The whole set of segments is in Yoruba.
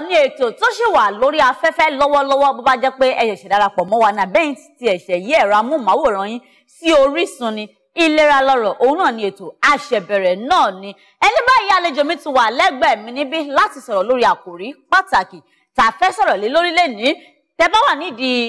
náà ní ètò tó ṣì wà lórí afẹ́fẹ́ lọ́wọ́lọ́wọ́ bó bá jẹ́ pé ẹ ṣẹ̀ṣẹ̀ darapọ̀ mọ́ wa náà bẹ́yìn ti ẹ̀ṣẹ̀ yí ẹ̀rọ amóhùnmáwòrán yín sí Orísun ni ìlera lọ́rọ̀ òun náà ni ètò àṣẹbẹ̀rẹ̀ náà ni ẹni báyìí àlejò mi ti wà lẹ́gbẹ̀ẹ́ mi níbí láti sọ̀rọ̀ lórí àkòrí pàtàkì tá a fẹ́ sọ̀rọ̀ lé lórí lẹ́ni tẹ bá wà nídìí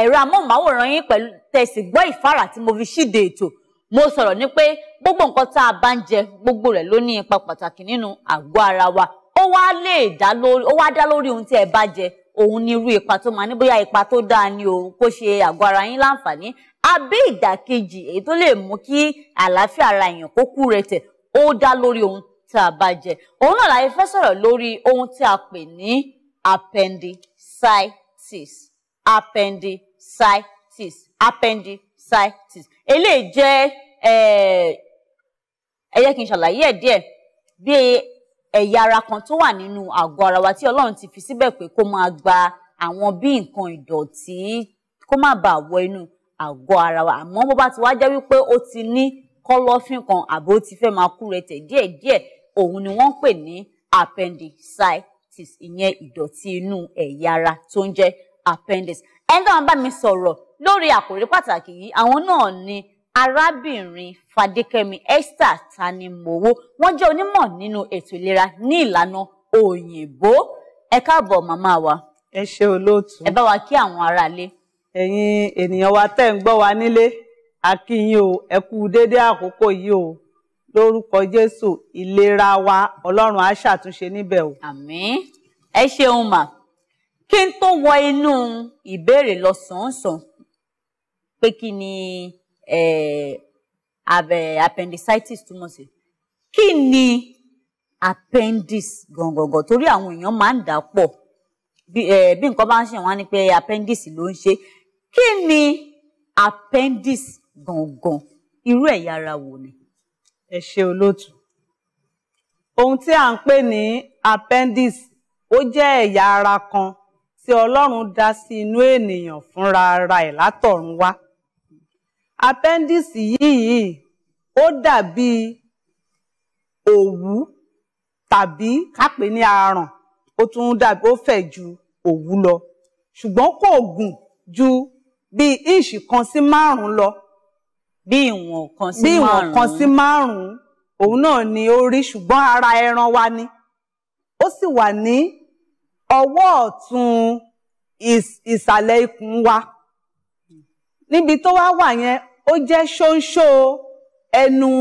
ẹ̀rọ amóhùnmáwòrán yín pẹ̀lú tẹ̀sí gbọ́ ìfárà tí mo fi ṣíde ètò mo sọ̀rọ̀ ní pé gbogbo nǹkan tá a bá ń jẹ gbogbo rẹ̀ ló ní ipa pàtàkì nínú àgọ́ ara wa wá lè dá lórí ó wá dá lórí ohun tí ẹ bá jẹ òun ní irú ipa tó máa ní bóyá ipa tó dáa ni òun kó ṣe àgọ́ ara yín láǹfààní abẹ́ ìdàkejì èyí tó lè mú kí àlàáfíà ara èèyàn kó kú rẹ̀tẹ̀ ó dá lórí ohun tá a bá jẹ òun náà láyé fẹ́ sọ̀rọ̀ lórí ohun tí a pè ní appendicitis appendicitis appendicitis eléyìí jẹ́ ẹ jẹ́ kí n ṣàlàyé ẹ̀ díẹ̀ bí ẹ̀yà ara kan tó wà nínú àgọ́ ara wa tí Ọlọ́run ti fi síbẹ̀ pé kó máa gba àwọn bí nǹkan ìdọ̀tí kó má bàa wọ inú àgọ́ ara wa àmọ́ bó bá ti wá jẹ́ wípé ó ti ní kọ́lọ́fín kan àbí ó ti fẹ́ máa kú rẹ̀tẹ̀ díẹ̀díẹ̀ òun ni wọ́n ń pè ní appendicitis ìyẹn ìdọ̀tí inú ẹ̀yà ara tó ń jẹ́ appendix ẹni tó máa bá mi sọ̀rọ̀ lórí àkòrí pàtàkì yìí àwọn náà ni arábìnrin Fadékẹ́mi Esther Tanimòwo wọ́n jẹ́ onímọ̀ nínú ètò ìlera ní ìlànà òyìnbó ẹ káàbọ̀ màmá wa. ẹ ṣe olóòtú. ẹ bá wa kí àwọn aráalé. ẹ̀yin ènìyàn wa tẹ́ ń gbọ́ wa nílé a kí yín o ẹ kú déédéé àkókò yìí o lórúkọ Jésù ìlera wa Ọlọ́run á ṣàtúnṣe níbẹ̀ o. àmín ẹ ṣeun mà kí n tó wọ inú ìbéèrè lọ sàn-án sàn pé kí ni. Eh, appendicitis túmọ̀ sí kí ni appendix gọ̀ǹgọ̀ǹgọ̀ torí àwọn èèyàn máa ń dà pọ̀ bí eh, nǹkan bá ń ṣe wọ́n ní pé appendix ló ń ṣe kí ni appendix gangan irú ẹ̀yà ara wo ni. ẹ ṣe olóòtú ohun tí à ń pè ní appendix ó jẹ́ ẹ̀yà ara kan tí Ọlọ́run dá sí inú ènìyàn fúnra ara ẹ̀ látọ̀run wá àpẹ́ńdíìsì yìí ó dàbí òwú tàbí kápẹ́ ní aràn ó tún dàbí ó fẹ̀ ju òwú lọ ṣùgbọ́n kò gùn ju bí íǹṣì kan sí márùn-ún lọ bí ìwọ̀n kan sí márùn-ún bí ìwọ̀n kan sí márùn-ún òun náà ni ó rí ṣùgbọ́n ara ẹran wa ni ó sì wà ní ọwọ́ ọ̀tún ìsàlẹ̀ ikùn wa níbi tó wá wà yẹn ó jẹ́ ṣóńṣó ẹnu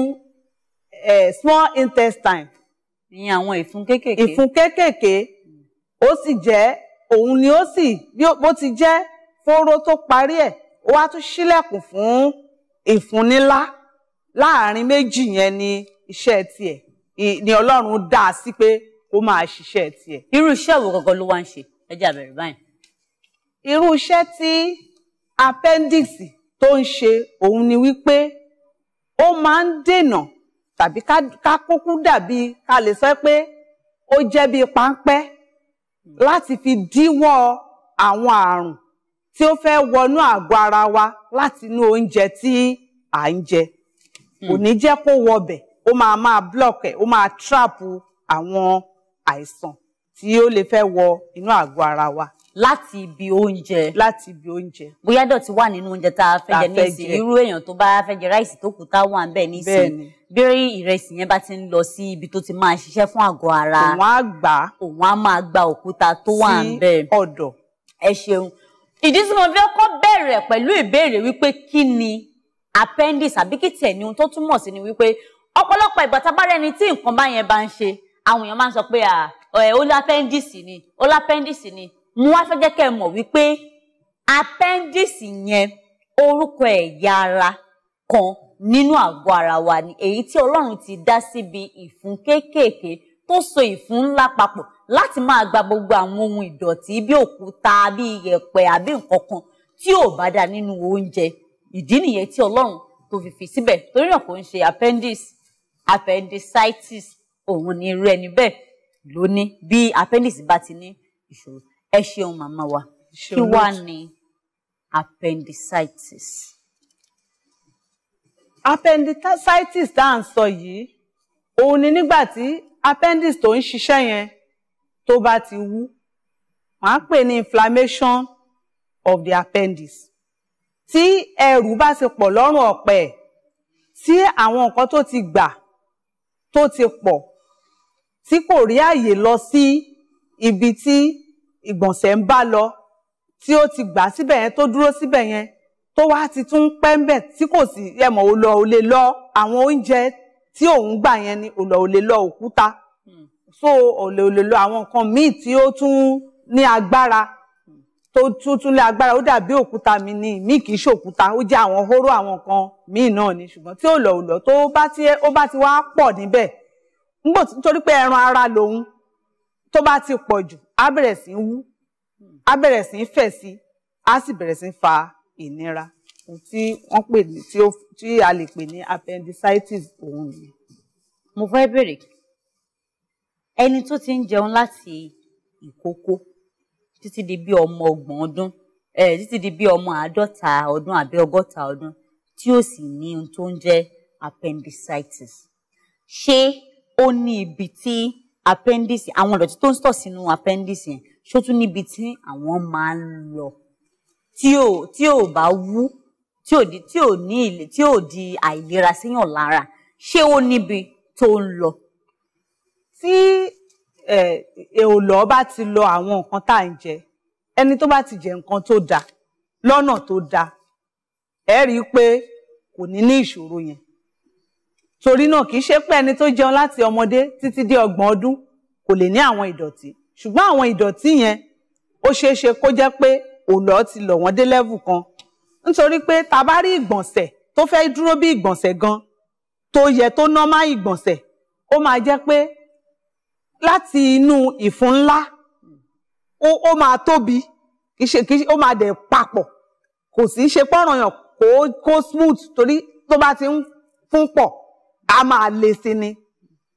small intestine. ìyẹn àwọn ìfun kéékèèké. ìfun kéékèèké ó sì jẹ́ òun ni ó sì bó ti jẹ́ fóró tó parí ẹ̀ ó wá tún ṣílẹ̀kùn fún ìfun nílá láàrin méjì yẹn ni iṣẹ́ tiẹ̀ ni Ọlọ́run dá a sí pé kó máa ṣiṣẹ́ tiẹ̀. irú iṣẹ́ wo gangan ló wá ń ṣe ẹ jẹ́ àbẹ̀rẹ̀ báyìí. irú iṣẹ́ tí appendix tó ń ṣe òun ni wípé ó máa ń dènà tàbí ká kúkú dàbí ká lè sọ pé ó jẹ́ bí páńpẹ́ láti fi díwọ́ àwọn àrùn tí ó fẹ́ wọnú àgọ́ ara wa láti inú oúnjẹ tí à ń jẹ hmm. kò ní jẹ́ kó wọbẹ̀ ó máa máa block ẹ̀ ó máa trap àwọn àìsàn tí ó lè fẹ́ wọ inú àgọ́ ara wa láti ibi oúnjẹ. láti ibi oúnjẹ. bóyá dọ̀tí wà nínú oúnjẹ tá a fẹ́ jẹ nísìn irú èèyàn tó bá fẹ́ jẹ ráìsì tó kù tá wà ń bẹ̀ nísìn. bẹ́ẹ̀ni bírí ìrẹsì yẹn bá ti ń lọ sí ibi tó ti máa ṣiṣẹ́ fún àgọ́ ara. òun á gbà. òun á máa gba òkúta tó wà ń bẹ̀. sí ọ̀dọ̀. ẹ ṣeun ìdí tí mo fẹ́ kọ́ bẹ̀rẹ̀ pẹ̀lú ìbéèrè wípé kí ni appendix àbí kí ohun tó túmọ̀ sí ni wípé ọ̀pọ̀lọpọ̀ ìgbà tá a bá rẹni tí nǹkan bá yẹn bá ń ṣe àwọn èèyàn máa ń sọ pé ó lápẹ́ndìsì ni ó lápẹ́ndìsì ni mo wá fẹ́ jẹ́ kẹ́ ẹ mọ̀ wípé appendix yẹn orúkọ ẹ̀yà ara kan nínú àgọ́ ara wa ni èyí tí ọlọ́run ti dá síbi ìfún kéékèèké tó so ìfún ńlá papọ̀ láti máa gba gbogbo àwọn ohun ìdọ̀tí bí òkúta bí iyẹ̀pẹ̀ àbí nǹkan kan tí ò bá dà nínú oúnjẹ ìdí nìyẹn tí ọlọ́run tó fi fi síbẹ̀ torí náà ń ṣe appendix appendicitis òun ni irú ẹni bẹ́ẹ̀ ló bí appendix bá ti ní ìṣòro ẹ ṣeun màmá wa kí wàá ní appendicitis. appendicitis tá à ń sọ yìí òun ni nígbà tí appendix tó ń ṣiṣẹ́ yẹn tó bá ti wú wọ́n á pè ní inflammation of the appendix tí ẹrù bá ti pọ̀ lọ́rùn ọ̀pẹ tí àwọn nǹkan tó ti gbà tó ti pọ̀ tí kò rí àyè lọ sí ibi tí ìgbọ̀nsẹ̀ ń bá lọ tí ó ti gbà síbẹ̀ yẹn tó dúró síbẹ̀ yẹn tó wá ti tún pẹ́ ń bẹ̀ tí kò sì ẹ̀mọ̀ ò lọ ò lè lọ àwọn oúnjẹ tí òun gbà yẹn ni ò lọ ò lọ òkúta so ò lè lọ àwọn nǹkan míì tí ó tún ní agbára tó tún lé agbára ó dàbí òkúta mi ni mí kì í ṣòkúta ó jẹ́ àwọn hóró àwọn nǹkan míì náà ni ṣùgbọ́n tí ò lọ ò lọ tó bá ti ó bá ti wá pọ̀ níbẹ̀ nítorí pé ẹran ara lòun tó bá ti pọ̀ jù á bẹ̀rẹ̀ sí í wú á bẹ̀rẹ̀ sí í fẹ̀ sí á sì bẹ̀rẹ̀ sí í fa ìnira tí wọ́n pè ní tí a lè pè ní appendicitis òun ni. mo fẹ́ bèrè ẹni tó ti ń jẹun láti ìkókó títí di bí ọmọ ọgbọ̀n ọdún títí di bí ọmọ àádọ́ta ọdún àbí ọgọ́ta ọdún tí ó sì ní ohun tó ń jẹ́ appendicitis ṣé ó ní ibi tí appendix àwọn ìdọ̀tí tó ń stọ̀ sínú appendix yẹn ṣó tún níbi tí àwọn máa ń lọ tí ò tí ò bá wú tí ò di tí ò ní ilé tí ò di àìlera síyàn lára ṣé ó níbi tó ń lọ. tí èòlọ́ bá ti lọ àwọn nǹkan tá à ń jẹ ẹni tó bá ti jẹ nǹkan tó dáa lọ́nà tó dáa ẹ rí i pé kò ní ní ìṣòro yẹn torí náà kì í ṣe pé ẹni tó jẹun láti ọmọdé títí dé ọgbọ̀n ọdún kò lè ní àwọn ìdọ̀tí ṣùgbọ́n àwọn ìdọ̀tí yẹn ó ṣeé ṣe kó jẹ́ pé òlọ́ ti lọ̀ wọ́n dé lẹ́vù kan nítorí pé ta bá rí ìgbọ̀nsẹ̀ tó fẹ́ dúró bí ìgbọ̀nsẹ̀ gan tó yẹ tó nọ́má ìgbọ̀nsẹ̀ ó máa jẹ́ pé láti inú ìfun ńlá ó máa tóbi kì í ṣe kì í ṣe ó máa dẹ̀ papọ̀ kò sì í ṣe pọ́nranyàn kó kó smooth torí tó bá ti ń fún pọ̀ a máa le sí ni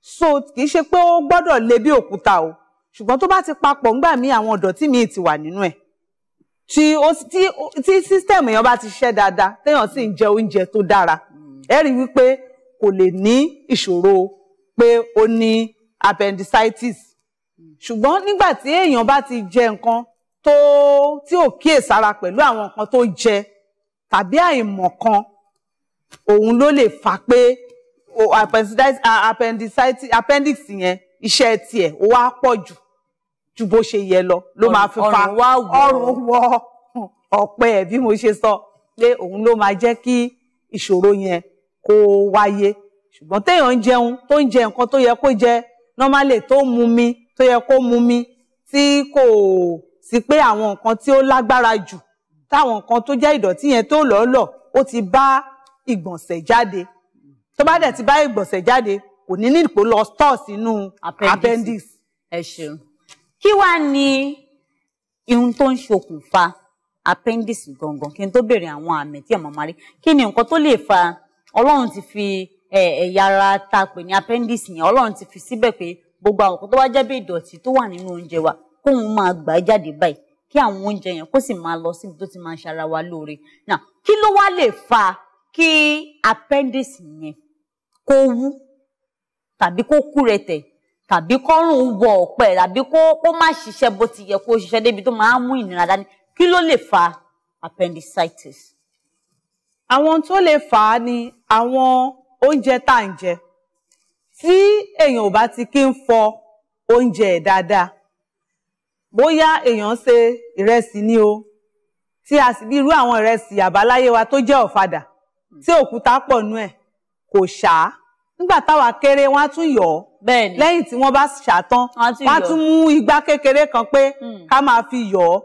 so kì í ṣe pé ó gbọ́dọ̀ le bí òkúta o ṣùgbọ́n tó bá ti papọ̀ ńgbà míì àwọn ìdọ̀tí míì ti wà nínú ẹ̀ tí ó tí tí system èèyàn bá ti ṣiṣẹ́ dáadáa téèyàn sì ń jẹ oúnjẹ tó dára ẹ rí wípé kò lè ní ìṣòro pé ó ní appendicitis ṣùgbọ́n nígbà tí èèyàn bá ti jẹ nǹkan tó tí ò kíyèsára pẹ̀lú àwọn nǹkan tó jẹ tàbí àìmọ̀kan òun ló lè fà pé appendicitis appendix yẹn iṣẹ́ tiẹ̀ ó wá pọ̀ jù ju bó ṣe yẹ lọ ló máa fi fa ọrùn wọ ọ̀pẹ ẹ̀ bí mo ṣe sọ pé òun ló máa jẹ́ kí ìṣòro yẹn kó wáyé ṣùgbọ́n téèyàn ń jẹun tó ń jẹ nǹkan tó yẹ kó jẹ normally tó ń mu mi tó yẹ kó mu mi tí kò sí pé àwọn nǹkan tí ó lágbára jù táwọn nǹkan tó jẹ́ ìdọ̀tí yẹn tó lọ́ọ́lọ́ ó ti bá ìgbọ̀nsẹ̀ jáde tó bá dẹ̀ ti bá ìgbọ̀nsẹ̀ jáde kò ní ní ìpò lọ stọ̀ sínú appendix. ẹ ṣeun kí wàá ní ihun tó ń ṣokùnfà appendix gangan kí n tó béèrè àwọn àmì tí ọmọ máa rí kí ni nǹkan tó lè fa ọlọ́run ti fi ẹ̀yà ara ta pè ní appendix yẹn ọlọ́run ti fi síbẹ̀ pé gbogbo àwọn nǹkan tó wá jẹ́ bí ìdọ̀tí tó wà nínú oúnjẹ wa kóun máa gbà á jáde báyìí kí àwọn oúnjẹ yẹn kó sì máa lọ síbi tó ti máa ṣara wa lóore náà kí ló wá lè fa kí appendix yẹn kó wú tàbí kó kú rẹ̀tẹ̀ tàbí kọ́rùn wọ ọ̀pẹ tàbí kó kó má ṣiṣẹ́ bó ti yẹ kó ṣiṣẹ́ débi tó máa ń mú ìnira dání kí ló lè fa appendicitis. àwọn tó lè fà á ni àwọn oúnjẹ tá à ń jẹ tí èèyàn ò bá ti kí ń fọ oúnjẹ ẹ̀ dáadáa bóyá èèyàn ṣe ìrẹsì ni o tí a sì bí irú àwọn ìrẹsì àbáláyé wa tó jẹ́ ọ̀fadà tí òkúta pọ̀ nú ẹ̀ kò ṣáá nígbà táwa kéré wọn á tún yọ ọ lẹ́yìn tí wọ́n bá ṣàtán wọ́n á tún mú igbá kékeré kan pé hmm. ká máa fi yọ ọ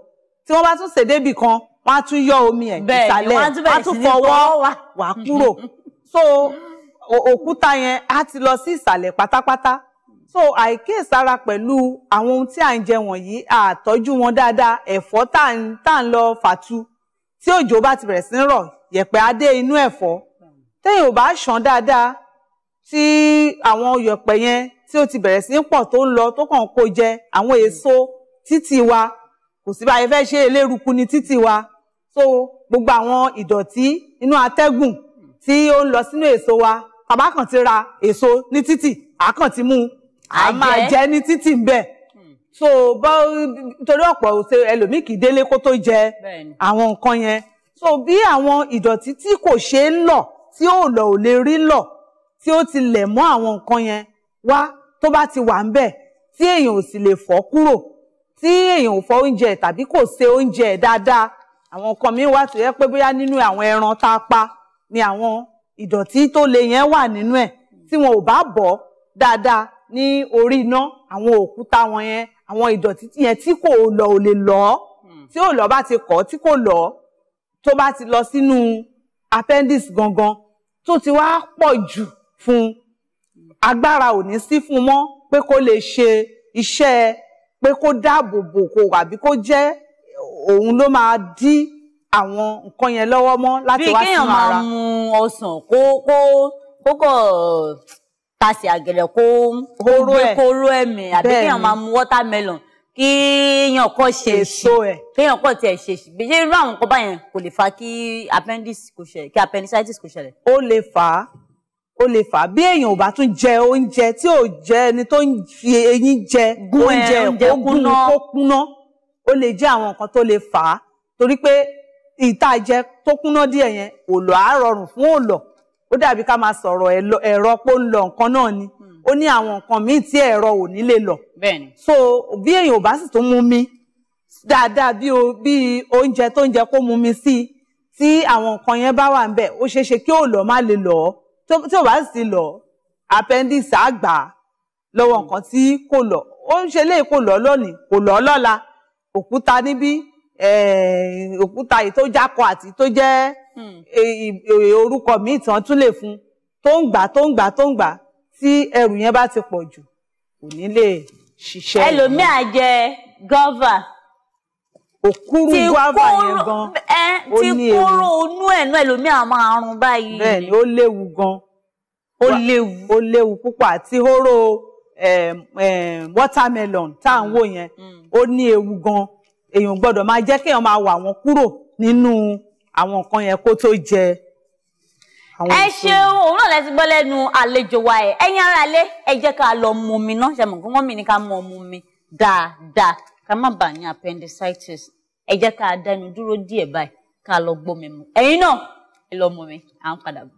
tí wọ́n bá tún ṣèdébì kan wọ́n á tún yọ omi ẹ̀ ìsàlẹ̀ wọ́n á tún fọwọ́ wà kúrò so òkúta yẹn á ti lọ sí ìsàlẹ̀ pátápátá so àìkíyèsára pẹ̀lú àwọn ohun tí à ń jẹ wọ̀nyí àtọ́jú wọn dáadáa ẹ̀fọ́ tá à ń lọ fàtu tí òjò bá ti bẹ̀rẹ̀ sí ń rọ̀ yẹ̀pẹ̀ á dé inú ẹ̀fọ́ téèyàn ò bá ṣàn dáadáa tí àwọn yọ̀pẹ̀ yẹn tí ó ti bẹ̀rẹ̀ sí ń pọ̀ tó ń lọ tó kàn ń kó jẹ àwọn èso títì wa kò sí bá a fẹ́ ṣe eléruku ní títì wa so gbogbo àwọn ìdọ̀tí inú atẹ́gùn tí ó ń lọ sínú èso wa tàbá kàn ti ra èso ní títì àákàn ti mú a máa jẹ ní títì ń bẹ̀ hmm. so bọ́ torí ọ̀pọ̀ òṣè ẹlòmíì kì í délé kó tó jẹ àwọn nǹkan yẹn so bí àwọn ìdọ̀tí tí kò ṣeé lọ tí ò lọ ò lè rí lọ tí ó ti lẹ̀ mọ́ àwọn nǹkan yẹn wá tó bá ti wà ń bẹ̀ tí èèyàn ò sì lè fọ́ kúrò tí èèyàn ò fọ oúnjẹ tàbí kò se oúnjẹ dáadáa àwọn nǹkan míì wá tó yẹ pé bóyá nínú àwọn ẹran tá a pa ni àwọn ìdọ̀tí tó le yẹn wà nínú ẹ̀ tí wọn ò bá bọ̀ dáadáa ní orí iná àwọn òkúta wọn yẹn àwọn ìdọ̀tí yẹn tí kò lọ ò lè lọ hmm. tí ò lọ bá ti kọ̀ tí kò lọ tó bá ti lọ sínú appendix gangan tó ti wá pọ̀ jù fún agbára ò ní sí fún mọ́ pé kó lè ṣe iṣẹ́ pé kó dáàbò bò kó àbí kó jẹ́ òun ló máa dí àwọn nǹkan yẹn lọ́wọ́ mọ́ láti wá sínú ara. bí kéèyàn máa mu ọsàn kó kó kókò tasì àgẹ̀rẹ̀ kó kóró ẹ̀mí àbí kéèyàn máa mu watermelon kí èèyàn kọ́ ṣe èso ẹ̀ kéèyàn kọ́ tiẹ̀ ṣe èsì bí ṣé irú àwọn nǹkan báyẹn kò lè fa kí appendicitis kò ṣẹlẹ̀ ó lè fà á ó lè fà á bí èèyàn ò bá tún jẹ oúnjẹ tí ò jẹ ẹni tó ń fi eyín jẹ oúnjẹ kó gún kó kúná ó lè jẹ àwọn nǹkan tó lè fà á torí pé ìta tó kúná díẹ̀ yẹn òlò á rọrùn fún òlò ó dàbí ká máa sọ̀rọ̀ ẹ̀rọ pó ń lọ nǹkan náà ni hmm. ó ní àwọn nǹkan míì tí ẹ̀rọ ò ní lè lọ so bí èèyàn ò bá sì tún mú mi dáadáa bí oúnjẹ tó ń jẹ kó mú mi sí tí àwọn nǹkan yẹn bá wà ń bẹ ó ṣeé ṣe kí òlò má lè lọ ọ tí ò bá sì lọ appendix àgbà lọ́wọ́ hmm. nǹkan tí kò lọ ó ń ṣe léyìí kò lọ lónìí kò lọ lọ́la òkúta níbí eh, òkúta èyí tó jákọ àti tó jẹ́ hmm. eh, eh, orúkọ míì tán tún lè fún tó ń gbà tó ń gbà tó ń gbà tí ẹrù yẹn bá ti pọ̀ jù kò ní lè ṣiṣẹ́. ẹlòmíà jẹ gọ́và òkúrú guava yẹn gan ó ní ewu ti kúrò inú ẹ̀ náà ẹlòmíà máa rún báyìí. bẹ́ẹ̀ni ó léwu gan ó léwu ó léwu púpọ̀ àti hóró watermelon tá à ń wò mm, yẹn mm. ó ní ewu gan èèyàn gbọ́dọ̀ máa jẹ́ kéèyàn máa wà wọ́n kúrò nínú àwọn nǹkan yẹn kó tó jẹ ẹ ṣeun òun náà lẹti gbọ́ lẹ́nu àlejò wa ẹ ẹ̀yin ará ilé ẹ jẹ́ ká lọ mu omi náà ṣe mọ kí wọn mi ní ká mu ọmú mi dáadáa ká má bàa ní appendicitis ẹ jẹ́ ká dánu dúró díẹ̀ báyìí ká lọ gbọ́ mi mu ẹ̀yin náà ẹ lọ mọ mi à ń padà bọ̀.